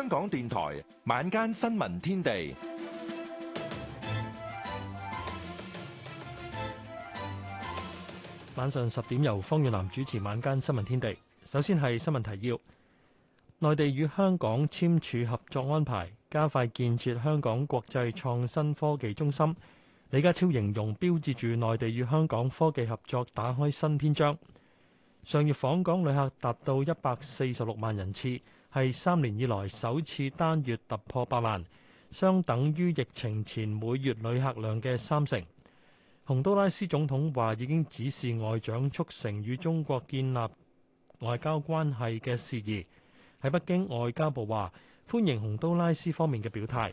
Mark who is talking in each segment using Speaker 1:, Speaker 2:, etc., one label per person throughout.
Speaker 1: 香港電臺晚間新聞天地，晚上十點由方遠南主持晚間新聞天地。首先係新聞提要：內地與香港簽署合作安排，加快建設香港國際創新科技中心。李家超形容，標誌住內地與香港科技合作打開新篇章。上月訪港旅客達到一百四十六萬人次。係三年以來首次單月突破百萬，相等於疫情前每月旅客量嘅三成。洪都拉斯總統話已經指示外長促成與中國建立外交關係嘅事宜。喺北京外交部話歡迎洪都拉斯方面嘅表態。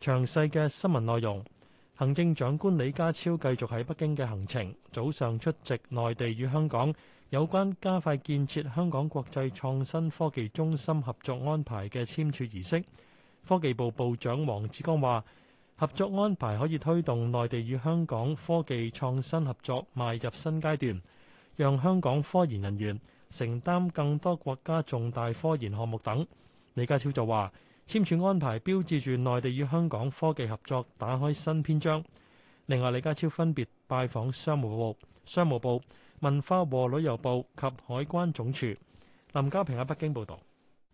Speaker 1: 詳細嘅新聞內容，行政長官李家超繼續喺北京嘅行程，早上出席內地與香港。有關加快建設香港國際創新科技中心合作安排嘅簽署儀式，科技部部長王志剛話：合作安排可以推動內地與香港科技創新合作邁入新階段，讓香港科研人員承擔更多國家重大科研項目等。李家超就話：簽署安排標誌住內地與香港科技合作打開新篇章。另外，李家超分別拜訪商務部、商務部。文化和旅遊部及海關總署，林家平喺北京報道。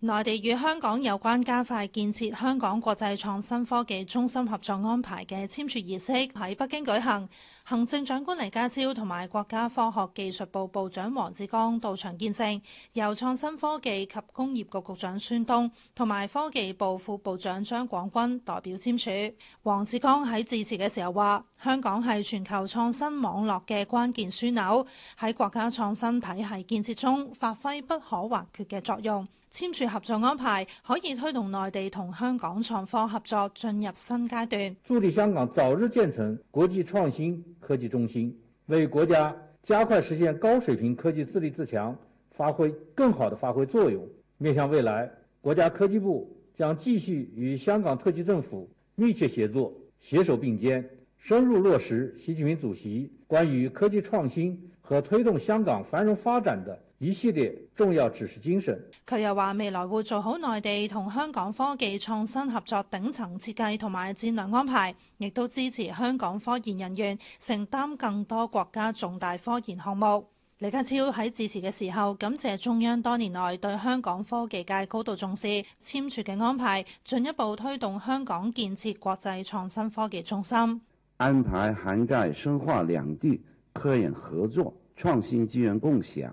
Speaker 2: 內地與香港有關加快建設香港國際創新科技中心合作安排嘅簽署儀式喺北京舉行，行政長官李家超同埋國家科學技術部部長王志剛到場見證，由創新科技及工業局局，局長孫東同埋科技部副部長張廣軍代表簽署。王志剛喺致辭嘅時候話，香港係全球創新網絡嘅關鍵樞紐，喺國家創新體系建設中發揮不可或缺嘅作用。簽署合作安排，可以推動內地同香港創科合作進入新階段，
Speaker 1: 助力香港早日建成國際創新科技中心，為國家加快實現高水平科技自立自強發揮更好的發揮作用。面向未來，國家科技部將繼續與香港特區政府密切協作，攜手並肩，深入落實習近平主席關於科技創新和推動香港繁榮發展的一系列重要指示精神。
Speaker 2: 佢又話未來會做好內地同香港科技創新合作頂層設計同埋戰略安排，亦都支持香港科研人員承擔更多國家重大科研項目。李家超喺致辭嘅時候感謝中央多年來對香港科技界高度重視，簽署嘅安排，進一步推動香港建設國際創新科技中心。
Speaker 3: 安排涵蓋深化兩地科研合作、創新資源共享。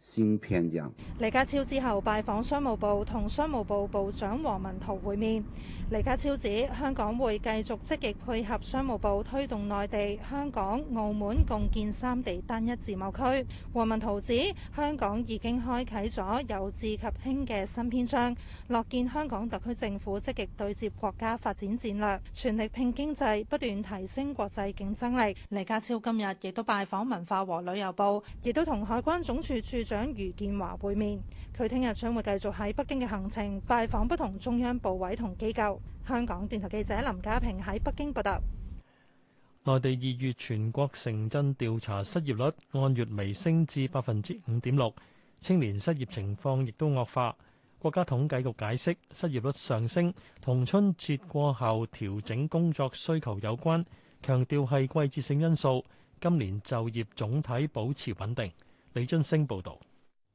Speaker 3: 新篇章。
Speaker 2: 李家超之後拜訪商務部，同商務部部長王文濤會面。李家超指，香港會繼續積極配合商務部推動內地、香港、澳門共建三地單一自貿區。王文濤指，香港已經開啟咗由治及興嘅新篇章，樂見香港特區政府積極對接國家發展戰略，全力拼經濟，不斷提升國際競爭力。李家超今日亦都拜訪文化和旅遊部，亦都同海關總署署。長余建華會面，佢聽日將會繼續喺北京嘅行程，拜訪不同中央部委同機構。香港電台記者林家平喺北京報道。
Speaker 1: 內地二月全國城鎮調查失業率按月微升至百分之五點六，青年失業情況亦都惡化。國家統計局解釋失業率上升同春節過後調整工作需求有關，強調係季節性因素，今年就業總體保持穩定。李津升報道。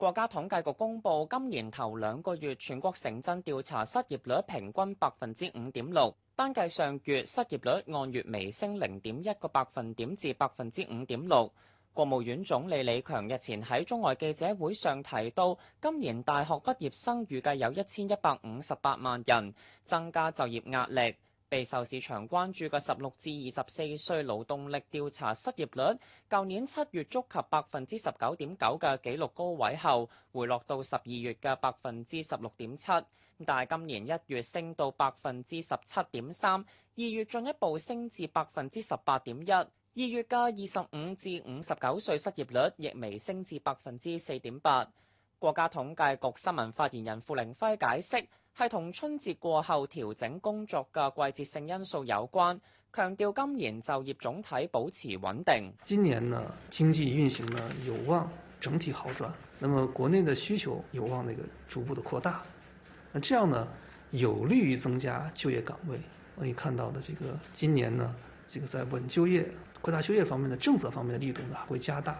Speaker 4: 國家統計局公布，今年頭兩個月全國城鎮調查失業率平均百分之五點六，單計上月失業率按月微升零點一個百分點至百分之五點六。國務院總理李強日前喺中外記者會上提到，今年大學畢業生預計有一千一百五十八萬人，增加就業壓力。備受市場關注嘅十六至二十四歲勞動力調查失業率，舊年七月觸及百分之十九點九嘅紀錄高位後，回落到十二月嘅百分之十六點七，但係今年一月升到百分之十七點三，二月進一步升至百分之十八點一。二月嘅二十五至五十九歲失業率亦微升至百分之四點八。國家統計局新聞發言人付凌暉解釋。係同春節過後調整工作嘅季節性因素有關，強調今年就業總體保持穩定。
Speaker 5: 今年呢經濟運行呢有望整體好轉，那麼國內的需求有望呢個逐步的擴大，那這樣呢有利於增加就業崗位。我哋看到的這個今年呢，這個在穩就業、擴大就業方面的政策方面的力度呢會加大。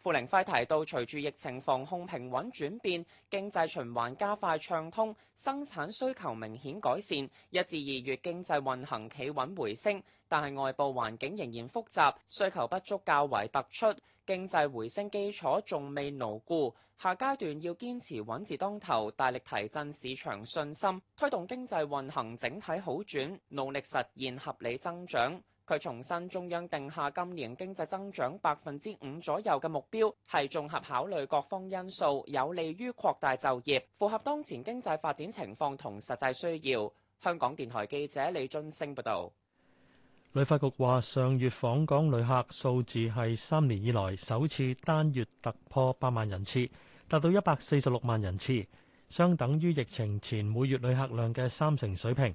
Speaker 4: 傅凌輝提到，隨住疫情防控平穩轉變，經濟循環加快暢通，生產需求明顯改善。一至二月經濟運行企穩回升，但係外部環境仍然複雜，需求不足較為突出，經濟回升基礎仲未牢固。下階段要堅持穩字當頭，大力提振市場信心，推動經濟運行整體好轉，努力實現合理增長。佢重申中央定下今年經濟增長百分之五左右嘅目標，係綜合考慮各方因素，有利於擴大就業，符合當前經濟發展情況同實際需要。香港電台記者李俊升報道。
Speaker 1: 旅發局話，上月訪港旅客數字係三年以來首次單月突破百萬人次，達到一百四十六萬人次，相等於疫情前每月旅客量嘅三成水平。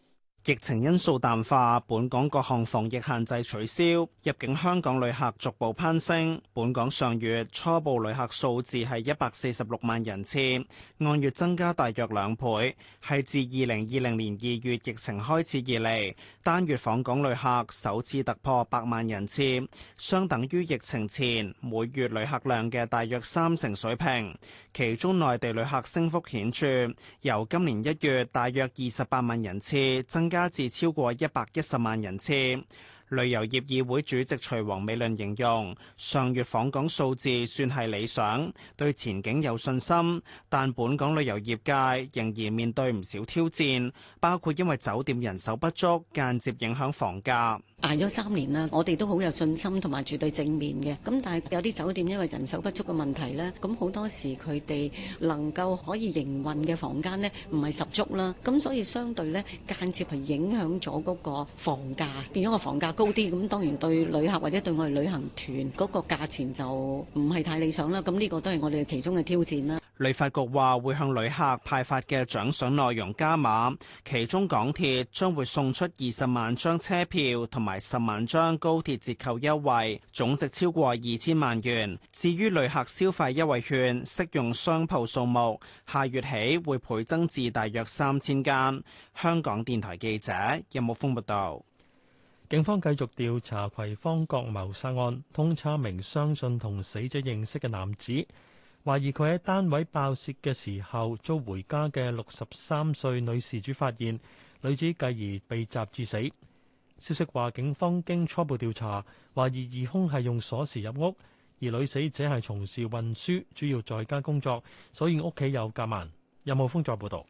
Speaker 6: 疫情因素淡化，本港各項防疫限制取消，入境香港旅客逐步攀升。本港上月初步旅客數字係一百四十六萬人次，按月增加大約兩倍，係自二零二零年二月疫情開始以嚟，單月訪港旅客首次突破百萬人次，相等於疫情前每月旅客量嘅大約三成水平。其中，內地旅客升幅顯著，由今年一月大約二十八萬人次增加至超過一百一十萬人次。旅遊業議會主席徐王美倫形容，上月訪港數字算係理想，對前景有信心，但本港旅遊業界仍然面對唔少挑戰，包括因為酒店人手不足，間接影響房價。
Speaker 7: 挨咗三年啦，我哋都好有信心同埋絕對正面嘅。咁但係有啲酒店因為人手不足嘅問題咧，咁好多時佢哋能夠可以營運嘅房間咧唔係十足啦。咁所以相對咧間接係影響咗嗰個房價，變咗個房價高啲。咁當然對旅客或者對我哋旅行團嗰個價錢就唔係太理想啦。咁呢個都係我哋其中嘅挑戰啦。
Speaker 6: 旅發局話會向旅客派發嘅獎賞內容加碼，其中港鐵將會送出二十萬張車票同埋十萬張高鐵折扣優惠，總值超過二千萬元。至於旅客消費優惠券適用商鋪數目，下月起會倍增至大約三千間。香港電台記者任木風報道。
Speaker 1: 警方繼續調查葵芳角謀殺案，通緝名相信同死者認識嘅男子。懷疑佢喺單位爆竊嘅時候，遭回家嘅六十三歲女事主發現，女子繼而被襲致死。消息話，警方經初步調查，懷疑疑兇係用鎖匙入屋，而女死者係從事運輸，主要在家
Speaker 6: 工作，所以屋企有夾萬。任浩峯再報道。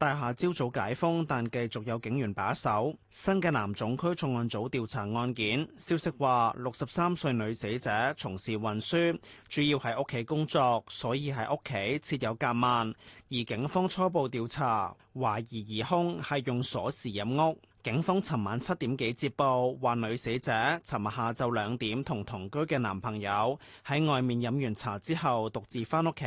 Speaker 6: 大廈朝早解封，但繼續有警員把守。新嘅南總區重案組調查案件，消息話六十三歲女死者從事運輸，主要喺屋企工作，所以喺屋企設有夾萬。而警方初步調查，懷疑疑兇係用鎖匙入屋。警方尋晚七點幾接報，話女死者尋日下晝兩點同同居嘅男朋友喺外面飲完茶之後，獨自翻屋企。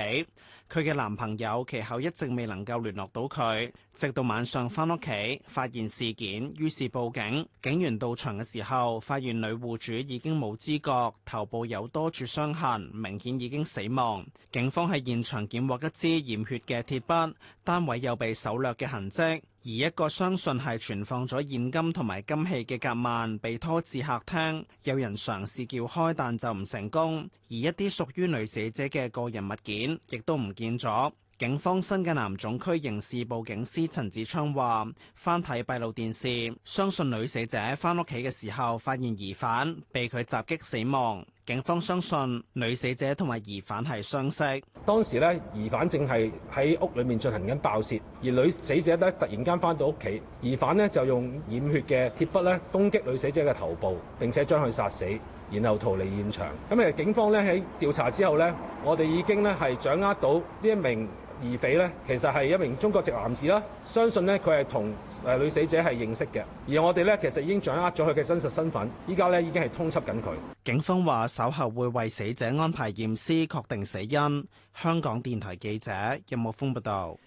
Speaker 6: 佢嘅男朋友其後一直未能夠聯絡到佢，直到晚上翻屋企發現事件，於是報警。警員到場嘅時候，發現女戶主已經冇知覺，頭部有多處傷痕，明顯已經死亡。警方喺現場檢獲一支染血嘅鐵筆，單位有被搜掠嘅痕跡。而一個相信係存放咗現金同埋金器嘅夾萬被拖至客廳，有人嘗試撬開，但就唔成功。而一啲屬於女死者嘅個人物件，亦都唔見咗。警方新界南總區刑事部警司陳子昌話，翻睇閉路電視，相信女死者翻屋企嘅時候發現疑犯，被佢襲擊死亡。警方相信女死者同埋疑犯係相識。當時呢，疑犯正係喺屋裏面進行緊爆竊，而女死者咧突然間翻到屋企，
Speaker 1: 疑犯呢就用染血嘅鐵筆咧攻擊女死者嘅頭部，並且將佢殺死，然後逃離現場。咁啊，警方咧喺調查之後呢，我哋已經咧係掌握到呢一名。疑匪呢，其實係一名中國籍男子啦。相信呢，佢係同誒女死者係認識嘅。
Speaker 6: 而我哋呢，其實已經掌握咗佢嘅真實身份。依家呢，已經係通緝緊佢。警方話，稍後會為死者安排驗屍，確定死因。香港電台記者任木峯報道。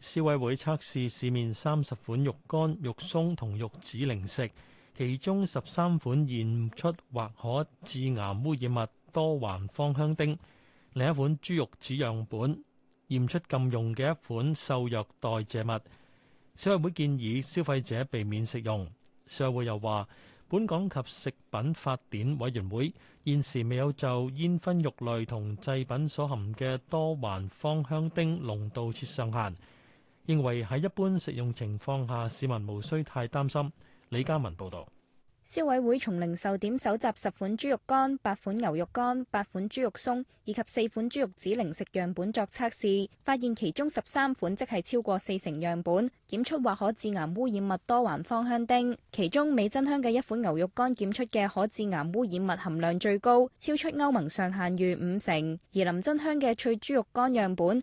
Speaker 6: 消委會測試市面三十款
Speaker 1: 肉乾、肉鬆同肉紙零食，其中十三款驗出或可致癌污染物多環芳香烴，另一款豬肉紙樣本，驗出禁用嘅一款瘦肉代謝物，消委會建議消費者避免食用。消委會又話，本港及食品法典委員會現時未有就煙燻肉類同製品所含嘅多環芳香烴濃度設上限，認為喺一般食用情況下，市民無需太擔心。李嘉文報導。
Speaker 8: 消委會從零售點搜集十款豬肉乾、八款牛肉乾、八款豬肉鬆以及四款豬肉籽零食樣本作測試，發現其中十三款，即係超過四成樣本檢出或可致癌污染物多環芳香烴。其中美珍香嘅一款牛肉乾檢出嘅可致癌污染物含量最高，超出歐盟上限逾五成。而林珍香嘅脆豬肉乾樣本。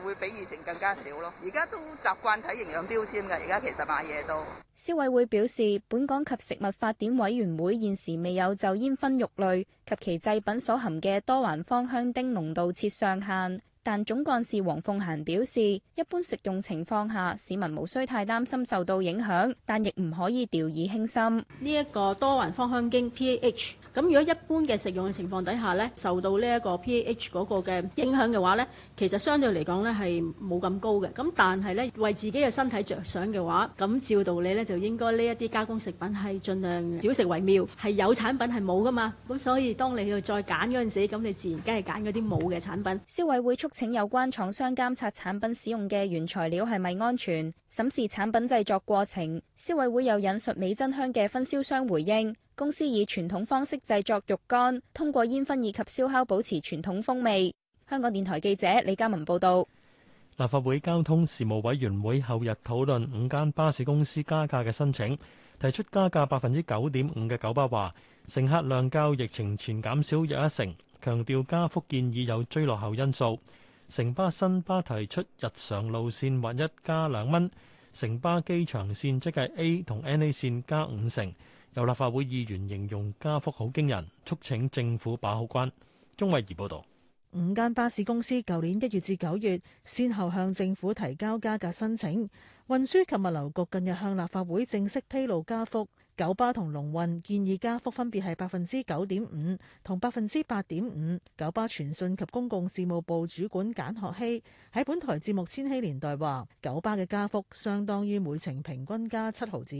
Speaker 2: 會比以前更加少咯。而家都習慣睇營養標籤嘅。而家其實買嘢都
Speaker 8: 消委會表示，本港及食物發展委員會現時未有就煙燻肉類及其製品所含嘅多環芳香烴濃度設上限。但總幹事黃鳳嫻表示，一般食用情況下，市民無需太擔心受到影
Speaker 7: 響，但亦唔可以掉以輕心。呢一個多環芳香烴 （PAH）。咁如果一般嘅食用嘅情況底下咧，受到呢一個 pH 嗰個嘅影響嘅話咧，其實相對嚟講咧係冇咁高嘅。咁但係咧為自己嘅身體着想嘅話，咁照道理咧就應該呢一啲加工食品係盡量少食為妙。係有產品係冇噶嘛，咁所以當你要再揀嗰陣時，咁你自然梗係揀嗰啲冇嘅產品。消委會促請有關
Speaker 8: 廠商監察產品使用嘅原材料係咪安全，審視產品製作過程。消委會又引述美珍香嘅分銷商回應。公司以傳統方式製作肉乾，通過煙燻以及燒烤保持傳統風味。香港電台記者李嘉文報道。
Speaker 1: 立法會交通事務委員會後日討論五間巴士公司加價嘅申請，提出加價百分之九點五嘅九巴話，乘客量較疫情前減少約一成，強調加幅建議有追落後因素。城巴、新巴提出日常路線或一加兩蚊，城巴機場線即係 A 同 NA 線加五成。由立法會議員形容加幅好驚人，促請政府把好關。鍾慧儀報導，
Speaker 7: 五間巴士公司舊年一月至九月，先後向政府提交加價申請。運輸及物流局近日向立法會正式披露加幅。九巴同龍運建議加幅分別係百分之九點五同百分之八點五。九巴傳訊及公共事務部主管簡學希喺本台節目《千禧年代》話，九巴嘅加幅相當於每程平均加七毫子，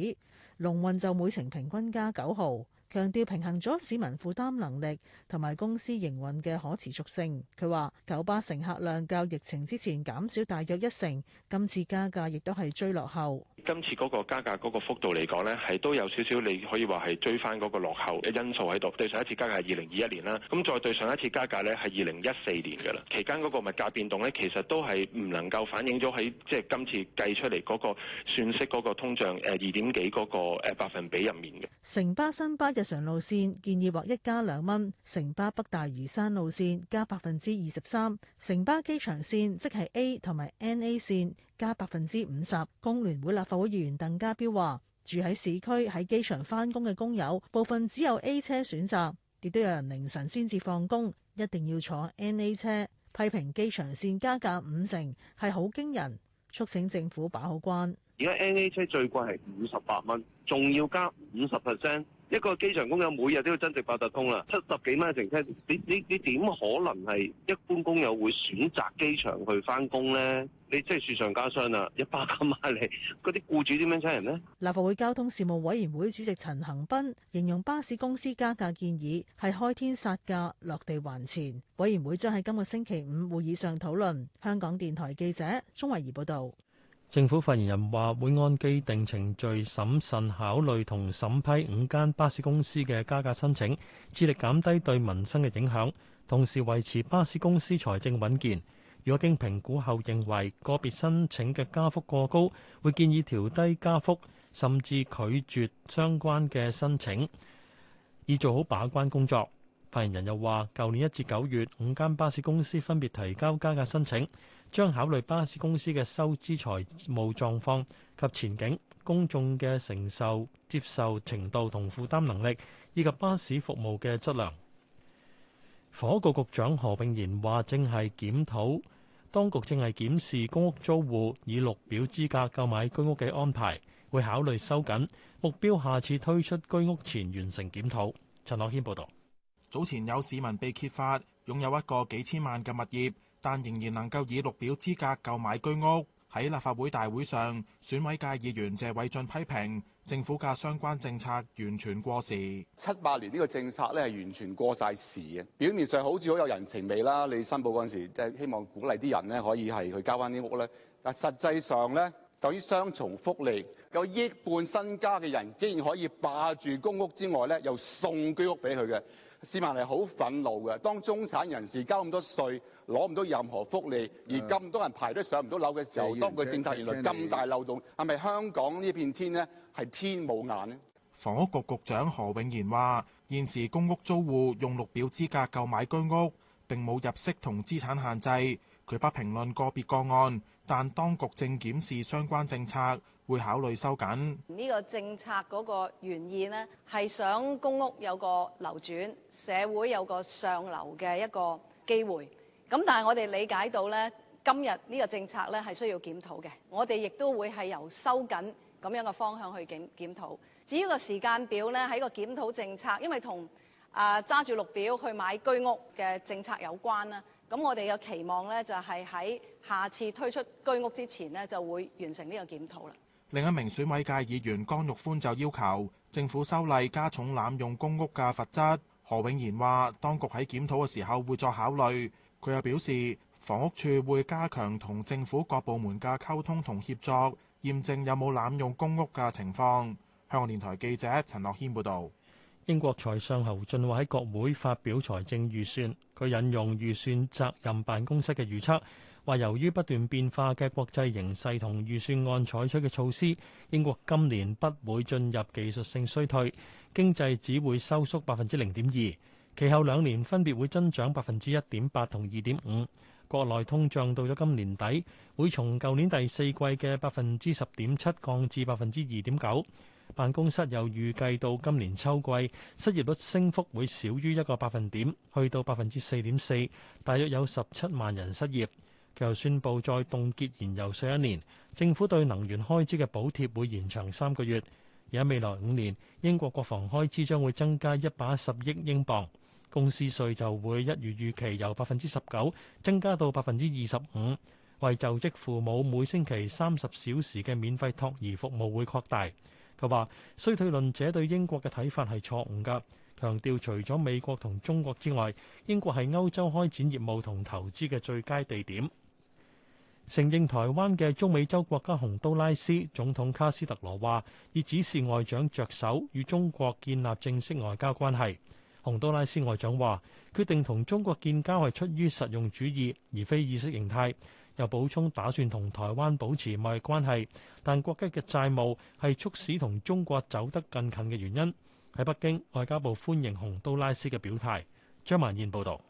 Speaker 7: 龍運就每程平均加九毫。強調平衡咗市民負擔能力同埋公司營運嘅可持續性。佢話：九巴乘客量較疫情之前減少大約一成，今次加價亦都係追落後。
Speaker 9: 今次嗰個加價嗰個幅度嚟講，呢係都有少少你可以話係追翻嗰個落後嘅因素喺度。對上一次加價係二零二一年啦，咁再對上一次加價呢係二零一四年㗎啦。期間嗰個物價變動呢，其實都係唔能夠反映咗喺即係今次計出嚟嗰個算息嗰個通脹誒二點幾嗰個誒百分比入面
Speaker 7: 嘅。城巴新巴。日常路線建議或一加兩蚊，城巴北大嶼山路線加百分之二十三，城巴機場線即係 A 同埋 NA 線加百分之五十。工聯會立法會議員鄧家彪話：住喺市區喺機場返工嘅工友，部分只有 A 車選擇，亦都有人凌晨先至放工，一定要坐 NA 車。批評機場線加價五成係好驚人，促請政府把好關。
Speaker 10: 而家 NA 車最貴係五十八蚊，仲要加五十 percent。一個機場工友每日都要增值八達通啦，七十幾蚊一程車，你你你點可能係一般工友會選擇機場去返工呢？你真係雪上加霜啦！一巴咁買你，嗰啲僱主點樣請人呢？
Speaker 7: 立法會交通事務委員會主席陳恒斌形容巴士公司加價建議係開天殺價，落地還錢。委員會將喺今個星期五會議上討論。香港電台記者鍾慧怡報道。
Speaker 1: 政府發言人話：會按既定程序審慎考慮同審批五間巴士公司嘅加價申請，致力減低對民生嘅影響，同時維持巴士公司財政穩健。如果經評估後認為個別申請嘅加幅過高，會建議調低加幅，甚至拒絕相關嘅申請，以做好把關工作。發言人又話：舊年一至九月，五間巴士公司分別提交加價申請。將考慮巴士公司嘅收支財務狀況及前景、公眾嘅承受接受程度同負擔能力，以及巴士服務嘅質量。房屋局局長何並賢話：正係檢討，當局正係檢視公屋租戶以綠表資格購買居屋嘅安排，會考慮
Speaker 9: 收緊目標，下次推出居屋前完成檢討。陳樂軒報導。早前有市民被揭發擁有一個幾千萬嘅物業。但仍然能夠以綠表資格購買居屋。喺立法會大會上，選委界議員謝偉俊批評政府嘅相關政策完全過時。七八年呢個政策咧係完全過晒時嘅。表面上好似好有人情味啦，你申報嗰陣時，即係希望鼓勵啲人咧
Speaker 3: 可以係去交翻啲屋咧。但實際上咧，對於雙重福利，有億半身家嘅人，竟然可以霸住公屋之外咧，又送居屋俾佢嘅。市民係好憤怒嘅，當中產人士交咁多稅，攞唔到任何福利，而咁多人排都上唔到樓嘅時候，當個政策原來咁大漏洞，係咪香港呢片天呢
Speaker 9: 係天冇眼呢？房屋局局長何永賢話：現時公屋租戶用綠表資格購買居屋，並冇入息同資產限制。佢不評論個別個案，但當局正檢視相關政策。會考慮收緊
Speaker 11: 呢個政策嗰個原意呢，係想公屋有個流轉，社會有個上流嘅一個機會。咁但係我哋理解到呢，今日呢個政策呢係需要檢討嘅。我哋亦都會係由收緊咁樣嘅方向去檢檢討。至於個時間表呢，喺一個檢討政策，因為同啊揸住綠表去買居屋嘅政策有關啦。咁我哋嘅期望呢，就係、是、喺下次推出居屋之前呢，就會完成呢個檢討啦。
Speaker 9: 另一名選委界議員江玉歡就要求政府修例加重濫用公屋嘅罰則。何永賢話：當局喺檢討嘅時候會作考慮。佢又表示房屋處會加強同政府各部門嘅溝通同協作，驗證有冇濫用公屋嘅情況。香港電台記者陳樂軒報導。英國財相侯俊華喺國會
Speaker 1: 發表財政預算，佢引用預算責任辦公室嘅預測。話由於不斷變化嘅國際形勢同預算案採取嘅措施，英國今年不會進入技術性衰退，經濟只會收縮百分之零點二。其後兩年分別會增長百分之一點八同二點五。國內通脹到咗今年底，會從舊年第四季嘅百分之十點七降至百分之二點九。辦公室又預計到今年秋季失業率升幅會少於一個百分點，去到百分之四點四，大約有十七萬人失業。又宣布再凍結燃油稅一年，政府對能源開支嘅補貼會延長三個月。而喺未來五年，英國國防開支將會增加一百一十億英鎊，公司稅就會一如預期由百分之十九增加到百分之二十五。為就職父母每星期三十小時嘅免費託兒服務會擴大。佢話衰退論者對英國嘅睇法係錯誤噶，強調除咗美國同中國之外，英國係歐洲開展業務同投資嘅最佳地點。承認台灣嘅中美洲國家洪都拉斯總統卡斯特羅話,以指示外長着手與中國建立正式外交關係。洪都拉斯外長話,決定同中國建交係出於實用主義而非意識形態,又補充打算同台灣保持貿易關係,但國家嘅債務係促使同中國走得更近嘅原因。喺北京,外交部歡迎洪都拉斯嘅表態,張曼燕報道。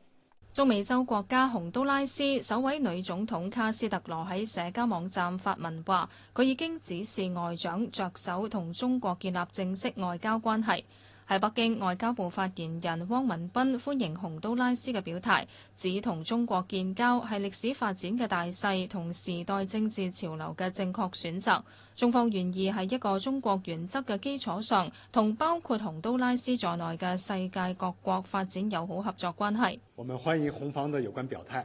Speaker 11: 中美洲國家洪都拉斯首位女總統卡斯特羅喺社交網站發文話，佢已經指示外長着手同中國建立正式外交關係。喺北京外交部發言人汪文斌歡迎洪都拉斯嘅表態，指同中國建交係歷史發展嘅大勢，同時代政治潮流嘅正確選擇。中方願意喺一個中國原則嘅基礎上，同包括洪都拉斯在內嘅世界各國發展友好合作關係。
Speaker 1: 我們歡迎洪方的有關表態。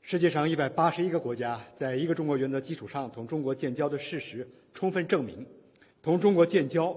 Speaker 1: 世界上一百八十一個國家，在一個中國原則基礎上同中國建交的事實充分證明，同中國建交，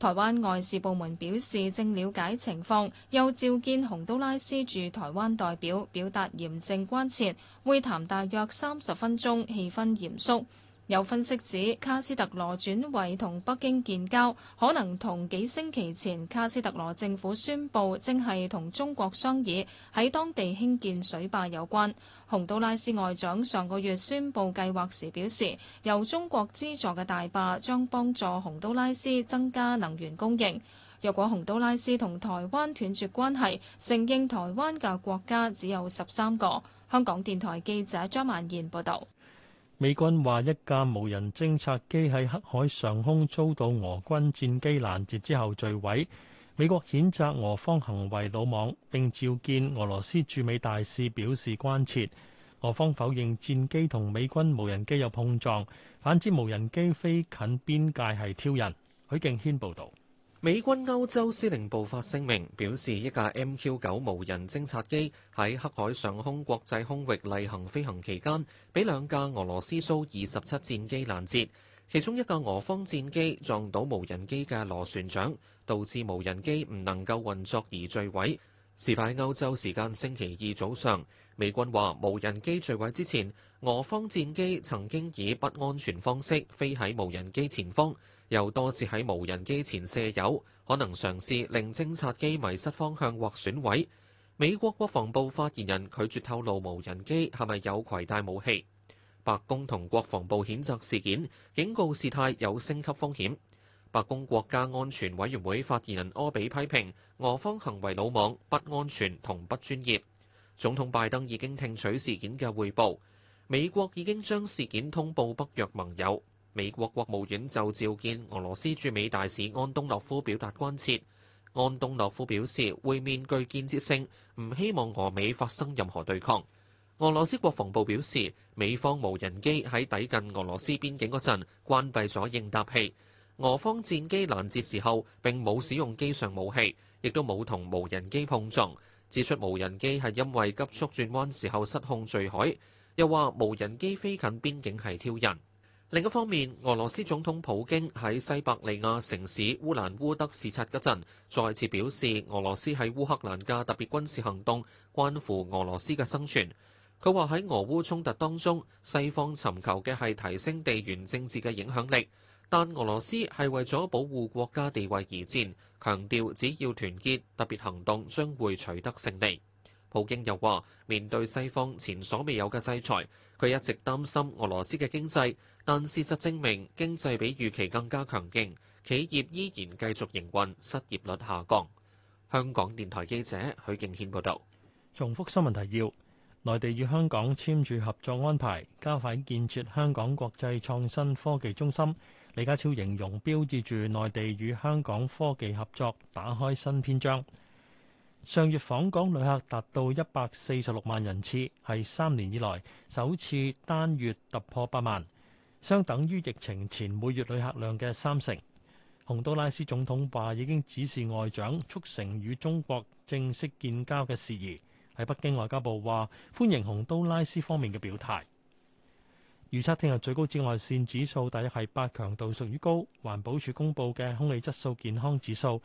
Speaker 11: 台灣外事部門表示，正了解情況，又召見洪都拉斯駐台灣代表，表達嚴正關切。會談大約三十分鐘，氣氛嚴肅。有分析指，卡斯特羅轉為同北京建交，可能同幾星期前卡斯特羅政府宣布正係同中國商議喺當地興建水壩有關。洪都拉斯外長上個月宣布計劃時表示，由中國資助嘅大壩將幫助洪都拉斯增加能源供應。若果洪都拉斯同台灣斷絕關係，承認台灣嘅國家只有十三個。香港電台記者張萬賢報導。
Speaker 1: 美軍話一架無人偵察機喺黑海上空遭到俄軍戰機攔截之後墜毀，美國譴責俄方行為魯莽，並召見俄羅斯駐美大使表示關切。俄方否認戰機同美軍無人機有碰撞，反之無人機飛近邊界係挑釁。許敬軒報道。美軍歐洲司令部發聲明表示，
Speaker 10: 一架 MQ 九無人偵察機喺黑海上空國際空域例行飛行期間，俾兩架俄羅斯蘇二十七戰機攔截，其中一架俄方戰機撞到無人機嘅螺旋槳，導致無人機唔能夠運作而墜毀。事發喺歐洲時間星期二早上，美軍話無人機墜毀之前。俄方戰機曾經以不安全方式飛喺無人機前方，又多次喺無人機前卸油，可能嘗試令偵察機迷失方向或損毀。美國國防部發言人拒絕透露無人機係咪有携帶武器。白宮同國防部譴責事件，警告事態有升級風險，白宮國家安全委員會發言人柯比批評俄方行為魯莽、不安全同不專業，總統拜登已經聽取事件嘅匯報。美國已經將事件通報北約盟友，美國國務院就召見俄羅斯駐美大使安東諾夫表達關切。安東諾夫表示會面具建設性，唔希望俄美發生任何對抗。俄羅斯國防部表示，美方無人機喺抵近俄羅斯邊境嗰陣關閉咗應答器，俄方戰機攔截時候並冇使用機上武器，亦都冇同無人機碰撞，指出無人機係因為急速轉彎時候失控墜海。又話無人機飛近邊境係挑釁。另一方面，俄羅斯總統普京喺西伯利亞城市烏蘭烏德視察嗰陣，再次表示俄羅斯喺烏克蘭嘅特別軍事行動關乎俄羅斯嘅生存。佢話喺俄烏衝突當中，西方尋求嘅係提升地緣政治嘅影響力，但俄羅斯係為咗保護國家地位而戰，強調只要團結，特別行動將會取得勝利。普京又話：面對西方前所未有嘅制裁，佢一直擔心俄羅斯嘅經濟，但事實證明經濟比預期更加強勁，企業依然繼續營運，失業率下降。香港電台記者許敬軒報道。
Speaker 1: 重複新聞提要：內地與香港簽署合作安排，加快建設香港國際創新科技中心。李家超形容標誌住內地與香港科技合作打開新篇章。上月訪港旅客達到一百四十六萬人次，係三年以來首次單月突破百萬，相等於疫情前每月旅客量嘅三成。洪都拉斯總統話已經指示外長促成與中國正式建交嘅事宜。喺北京，外交部話歡迎洪都拉斯方面嘅表態。預測聽日最高紫外線指數大約係八強度，屬於高。環保署公布嘅空氣質素健康指數，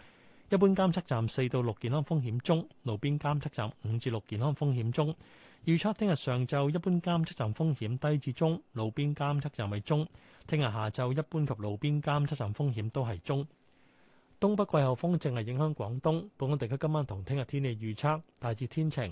Speaker 1: 一般監測站四到六健康風險中，路邊監測站五至六健康風險中。預測聽日上晝一般監測站風險低至中，路邊監測站係中。聽日下晝一般及路邊監測站風險都係中。東北季候風正係影響廣東，本港地區今晚同聽日天氣預測大致天晴。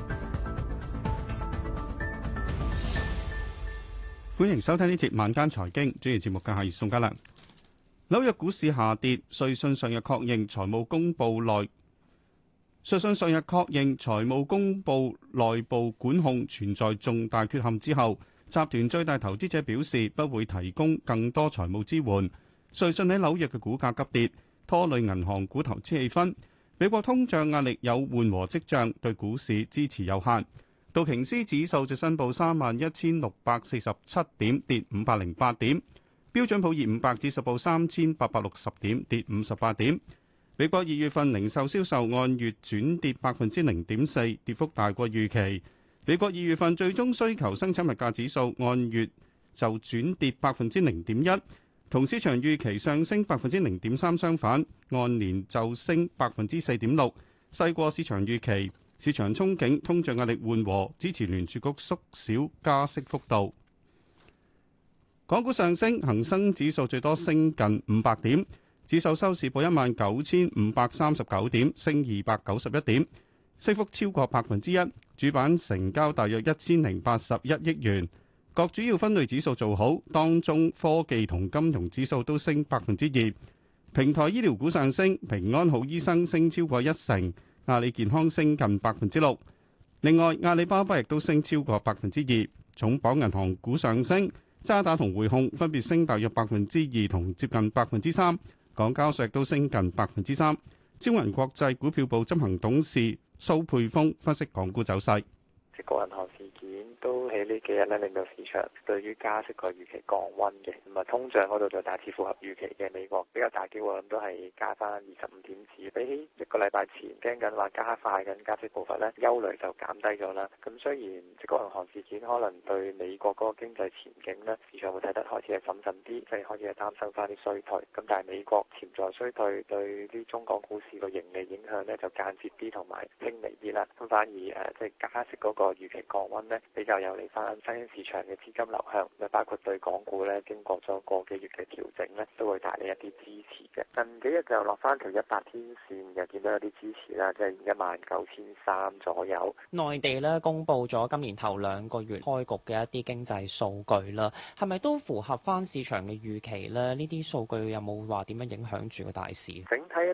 Speaker 3: 歡迎收聽呢節《晚間財經》主持節目嘅係宋家良。紐約股市下跌，瑞信上日確認財務公布內，瑞信上日確認財務公布內部管控存在重大缺陷之後，集團最大投資者表示不會提供更多財務支援。瑞信喺紐約嘅股價急跌，拖累銀行股投資氣氛。美國通脹壓力有緩和跡象，對股市支持有限。道瓊斯指數就新報三萬一千六百四十七點，跌五百零八點。標準普爾五百指數報三千八百六十點，跌五十八點。美國二月份零售銷售銷售按月轉跌百分之零點四，跌幅大過預期。美國二月份最終需求生產物價指數按月就轉跌百分之零點一，同市場預期上升百分之零點三相反，按年就升百分之四點六，細過市場預期。市場憧憬通脹壓力緩和，支持聯儲局縮小加息幅度。港股上升，恒生指數最多升近五百點，指數收市報一萬九千五百三十九點，升二百九十一點，升幅超過百分之一。主板成交大約一千零八十一億元，各主要分類指數做好，當中科技同金融指數都升百分之二。平台醫療股上升，平安好醫生升超過一成。阿里健康升近百分之六，另外阿里巴巴亦都升超過百分之二，重磅銀行股上升，渣打同匯控分別升大約百分之二同接近百分之三，港交所亦都升近百分之三。招銀國際股票部執行董事蘇佩峰分析港股走勢。
Speaker 12: 都喺呢幾日咧令到市場對於加息個預期降溫嘅，咁啊通脹嗰度就大致符合預期嘅。美國比較大機會，咁都係加翻二十五點子。比起一個禮拜前聽緊話加快緊加息步伐咧，憂慮就減低咗啦。咁雖然即係銀行事件可能對美國嗰個經濟前景咧，市場會睇得開始係審慎啲，即係開始係擔心翻啲衰退。咁但係美國潛在衰退對啲中港股市嘅盈利影響咧，就間接啲同埋輕微啲啦。咁反而誒即係加息嗰個預期降溫咧，比又又嚟翻新興市場嘅資金流向，咁包括對港股咧，經過咗個幾月嘅調整咧，都會帶嚟一啲支持嘅。近幾日就落翻條一百天線，又見到有啲支持啦，即係一萬九千三左右。
Speaker 4: 內地咧，公布咗今年頭兩個月開局嘅一啲經濟數據啦，係咪都符合翻市場嘅預期咧？呢啲數據有冇話點樣影響住個大市？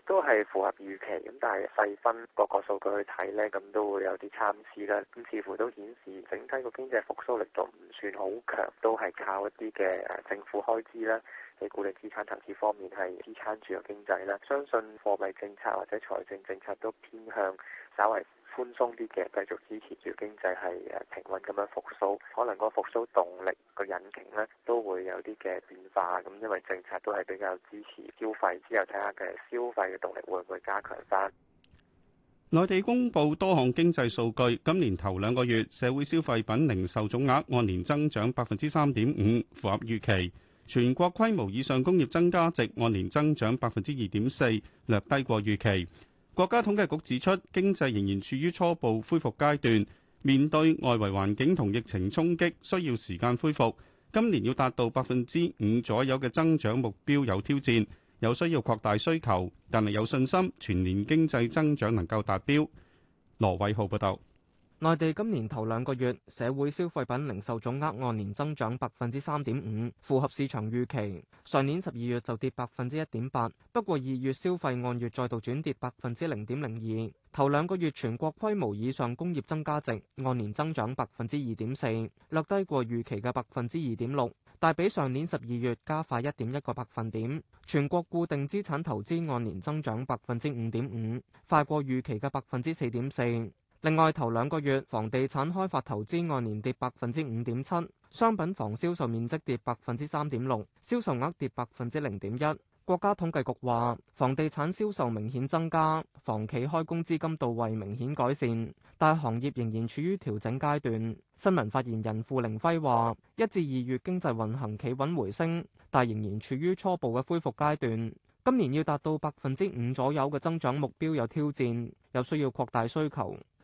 Speaker 12: 都係符合預期，咁但係細分各個數據去睇呢，咁都會有啲參差啦。咁似乎都顯示整體個經濟復甦力度唔算好強，都係靠一啲嘅政府開支啦，喺固定資產投資方面係支撐住個經濟啦。相信貨幣政策或者財政政策都偏向稍微寬鬆啲嘅，繼續支持住經濟係誒，平穩咁樣復甦，可能個復甦動力個引擎咧都會有啲嘅變化咁，因為政策都係比較支持消費，之後睇下嘅消費嘅動力會唔會加強翻。
Speaker 3: 內地公布多項經濟數據，今年頭兩個月社會消費品零售總額按年增長百分之三點五，符合預期。全國規模以上工業增加值按年增長百分之二點四，略低過預期。國家統計局指出，經濟仍然處於初步恢復階段，面對外圍環境同疫情衝擊，需要時間恢復。今年要達到百分之五左右嘅增長目標有挑戰，有需要擴大需求，但係有信心全年經濟增長能夠達標。羅偉浩報道。
Speaker 13: 內地今年頭兩個月社會消費品零售總額按年增長百分之三點五，符合市場預期。上年十二月就跌百分之一點八，不過二月消費按月再度轉跌百分之零點零二。頭兩個月全國規模以上工業增加值按年增長百分之二點四，略低過預期嘅百分之二點六，但比上年十二月加快一點一個百分點。全國固定資產投資按年增長百分之五點五，快過預期嘅百分之四點四。另外，頭兩個月房地產開發投資按年跌百分之五點七，商品房銷售面積跌百分之三點六，銷售額跌百分之零點一。國家統計局話，房地產銷售明顯增加，房企開工資金到位明顯改善，但行業仍然處於調整階段。新聞發言人付凌暉話，一至二月經濟運行企穩回升，但仍然處於初步嘅恢復階段。今年要達到百分之五左右嘅增長目標有挑戰，有需要擴大需求。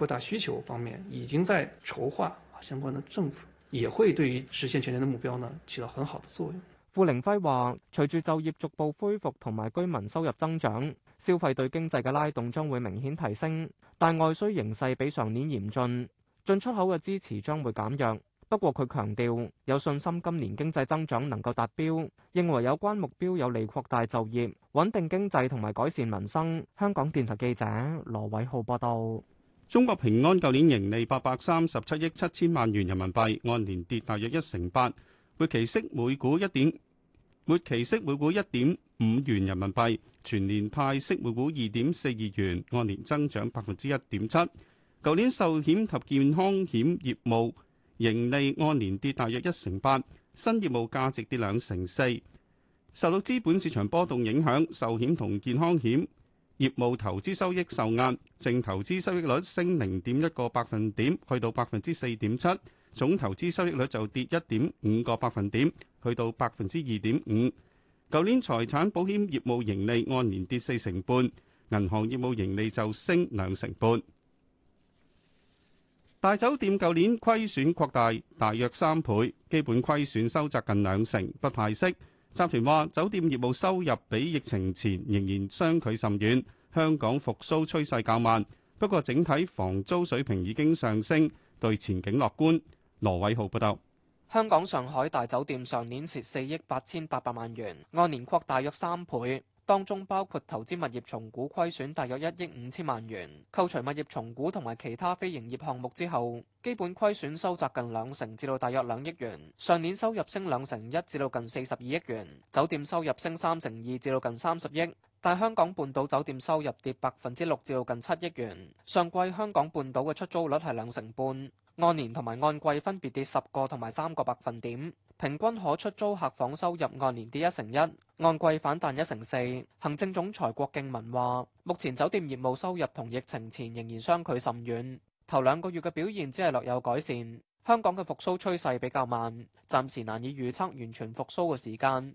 Speaker 5: 擴大需求方面已經在籌劃相關的政策，也會對於實現全年的目標呢起到很好的
Speaker 13: 作用。傅靈輝話，隨住就業逐步恢復同埋居民收入增長，消費對經濟嘅拉動將會明顯提升。但外需形勢比上年嚴峻，進出口嘅支持將會減弱。不過佢強調有信心今年經濟增長能夠達標，認為有關目標有利擴大就業、穩定經濟同埋改善民生。香港電台記者羅偉浩報道。
Speaker 3: 中國平安舊年盈利八百三十七億七千萬元人民幣，按年跌大約一成八，末期息每股一點，末期息每股一點五元人民幣，全年派息每股二點四二元，按年增長百分之一點七。舊年壽險及健康險業務盈利按年跌大約一成八，新業務價值跌兩成四，受到資本市場波動影響，壽險同健康險。業務投資收益受壓，淨投資收益率升零點一個百分點，去到百分之四點七；總投資收益率就跌一點五個百分點，去到百分之二點五。舊年財產保險業務盈利按年跌四成半，銀行業務盈利就升兩成半。大酒店舊年虧損擴大，大約三倍，基本虧損收窄近兩成，不派息。集團話：酒店業務收入比疫情前仍然相距甚遠，香港復甦趨勢較慢。不過整體房租水平已經上升，對前景樂觀。羅偉浩報導。
Speaker 13: 香港上海大酒店上年蝕四億八千八百萬元，按年擴大約三倍。當中包括投資物業重估虧損大約一億五千萬元，扣除物業重估同埋其他非營業項目之後，基本虧損收窄近兩成，至到大約兩億元。上年收入升兩成一，至到近四十二億元，酒店收入升三成二，至到近三十億。但香港半島酒店收入跌百分之六，至到近七億元。上季香港半島嘅出租率係兩成半。按年同埋按季分別跌十個同埋三個百分點，平均可出租客房收入按年跌一成一，按季反彈一成四。行政總裁郭敬文話，目前酒店業務收入同疫情前仍然相距甚遠，頭兩個月嘅表現只係略有改善。香港嘅復蘇趨勢比較慢，暫時難以預測完全復蘇嘅時間。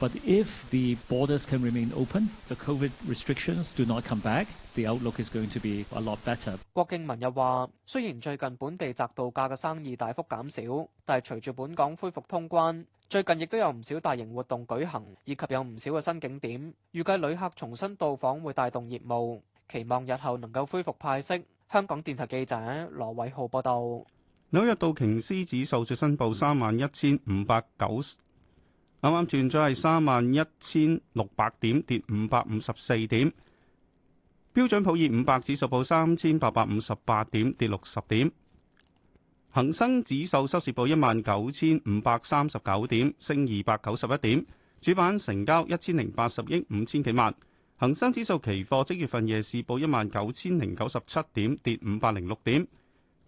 Speaker 1: But if the borders can remain open, the COVID restrictions do not come back, the outlook is going to be a lot better.
Speaker 13: 郭敬文又話：雖然最近本地宅度假嘅生意大幅減少，但係隨住本港恢復通關，最近亦都有唔少大型活動舉行，以及有唔少嘅新景點，預計旅客重新到訪會帶動業務。期望日後能夠恢復派息。香港電台記者羅偉浩報道。
Speaker 3: 紐約道瓊斯指數最新報三萬一千五百九十。啱啱轉咗係三萬一千六百點，跌五百五十四點。標準普爾五百指數報三千八百五十八點，跌六十點。恒生指數收市報一萬九千五百三十九點，升二百九十一點。主板成交一千零八十億五千幾萬。恒生指數期貨即月份夜市報一萬九千零九十七點，跌五百零六點。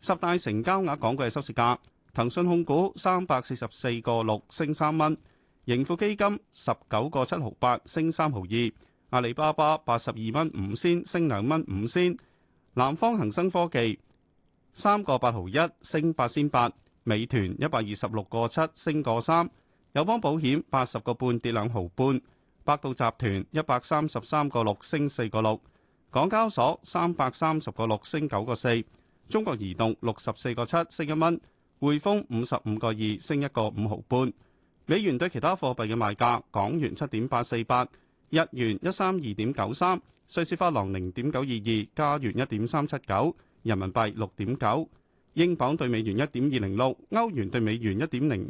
Speaker 3: 十大成交額港股嘅收市價，騰訊控股三百四十四個六升三蚊。盈富基金十九個七毫八升三毫二，阿里巴巴八十二蚊五仙升兩蚊五仙，南方恒生科技三個八毫一升八仙八，美團一百二十六個七升個三，友邦保險八十個半跌兩毫半，百度集團一百三十三個六升四個六，港交所三百三十個六升九個四，中國移動六十四個七升一蚊，匯豐五十五個二升一個五毫半。美元對其他貨幣嘅賣價：港元七點八四八，日元一三二點九三，瑞士法郎零點九二二，加元一點三七九，人民幣六點九，英鎊對美元一點二零六，歐元對美元一點零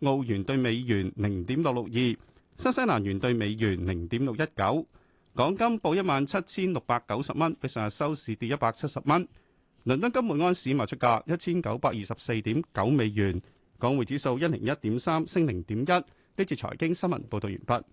Speaker 3: 五五，澳元對美元零點六六二，新西蘭元對美元零點六一九。港金報一萬七千六百九十蚊，比上日收市跌一百七十蚊。倫敦金本安市賣出價一千九百二十四點九美元。港匯指數一零一點三升零點一。呢次財經新聞報道完畢。